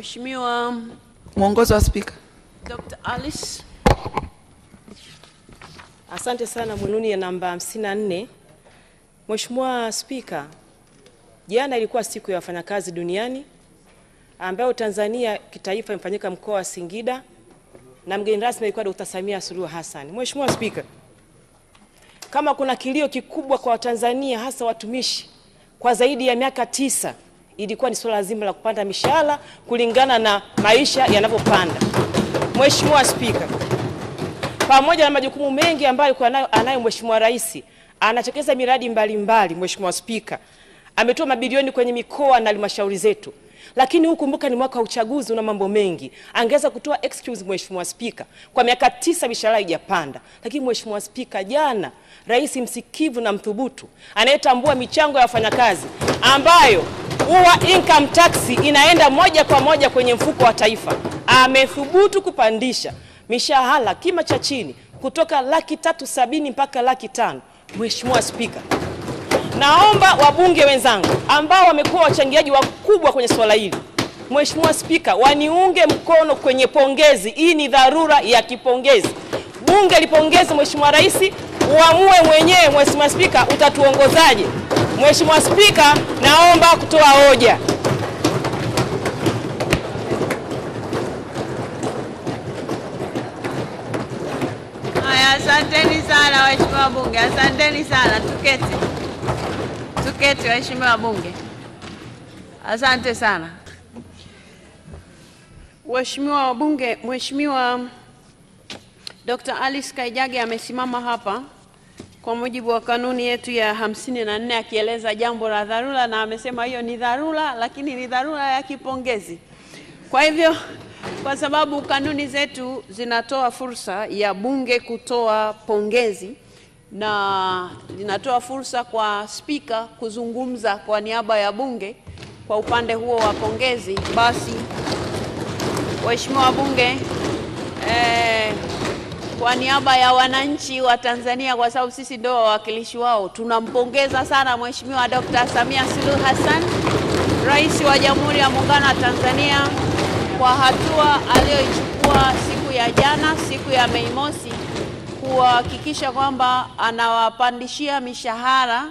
Mheshimiwa mwongozo wa Spika. Dr. Alice. Asante sana mwinuni ya namba 54. Mheshimiwa Spika, jana ilikuwa siku ya wafanyakazi duniani ambayo Tanzania kitaifa imefanyika mkoa wa Singida na mgeni rasmi alikuwa Dr. Samia Suluhu Hassan. Mheshimiwa Spika, kama kuna kilio kikubwa kwa Watanzania hasa watumishi kwa zaidi ya miaka tisa ilikuwa ni suala zima la kupanda mishahara kulingana na maisha yanavyopanda. Mheshimiwa Spika, pamoja na majukumu mengi ambayo anayo Mheshimiwa Rais, anatekeleza miradi mbalimbali. Mheshimiwa Spika, ametoa mabilioni kwenye mikoa na halmashauri zetu, lakini huu kumbuka, ni mwaka wa uchaguzi, una mambo mengi. Angeweza kutoa excuse, Mheshimiwa Spika, kwa miaka tisa mishahara haijapanda. Lakini Mheshimiwa Spika, jana rais msikivu na mthubutu anayetambua michango ya wafanyakazi ambayo huwa income tax inaenda moja kwa moja kwenye mfuko wa taifa, amethubutu kupandisha mishahara kima cha chini kutoka laki tatu sabini mpaka laki tano. Mheshimiwa Spika, Naomba wabunge wenzangu ambao wamekuwa wachangiaji wakubwa kwenye swala hili, Mheshimiwa Spika, waniunge mkono kwenye pongezi hii. Ni dharura ya kipongezi, bunge lipongeze Mheshimiwa Rais. Uamue mwenyewe Mheshimiwa Spika, utatuongozaje? Mheshimiwa Spika, naomba kutoa hoja. Haya, asanteni sana waheshimiwa bunge, asanteni sana, tuketi. Tuketi, waheshimiwa wabunge, asante sana. Waheshimiwa wabunge, Mheshimiwa Dr. Alice Kaijage amesimama hapa kwa mujibu wa kanuni yetu ya hamsini na nne akieleza jambo la dharura, na amesema hiyo ni dharura, lakini ni dharura ya kipongezi. Kwa hivyo, kwa sababu kanuni zetu zinatoa fursa ya bunge kutoa pongezi na linatoa fursa kwa spika kuzungumza kwa niaba ya bunge kwa upande huo wa pongezi. Basi waheshimiwa wabunge, eh, kwa niaba ya wananchi wa Tanzania, kwa sababu sisi ndio wawakilishi wao, tunampongeza sana Mheshimiwa Dkt. Samia Suluhu Hassan, Rais wa Jamhuri ya Muungano wa Tanzania kwa hatua aliyoichukua siku ya jana, siku ya Mei Mosi kuhakikisha kwamba anawapandishia mishahara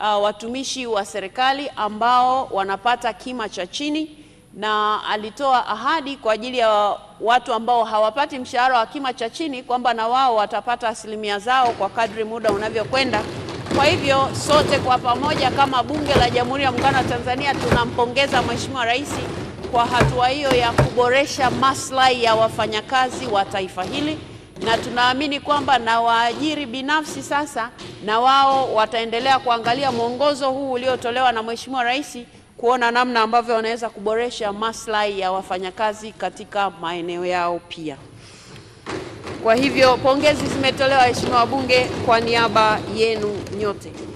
uh, watumishi wa serikali ambao wanapata kima cha chini, na alitoa ahadi kwa ajili ya watu ambao hawapati mshahara wa kima cha chini kwamba na wao watapata asilimia zao kwa kadri muda unavyokwenda. Kwa hivyo sote kwa pamoja kama Bunge la Jamhuri ya Muungano wa Tanzania tunampongeza Mheshimiwa Rais kwa hatua hiyo ya kuboresha maslahi ya wafanyakazi wa taifa hili na tunaamini kwamba na waajiri binafsi sasa na wao wataendelea kuangalia mwongozo huu uliotolewa na Mheshimiwa Rais kuona namna ambavyo wanaweza kuboresha maslahi ya wafanyakazi katika maeneo yao pia. Kwa hivyo pongezi zimetolewa waheshimiwa wabunge kwa niaba yenu nyote.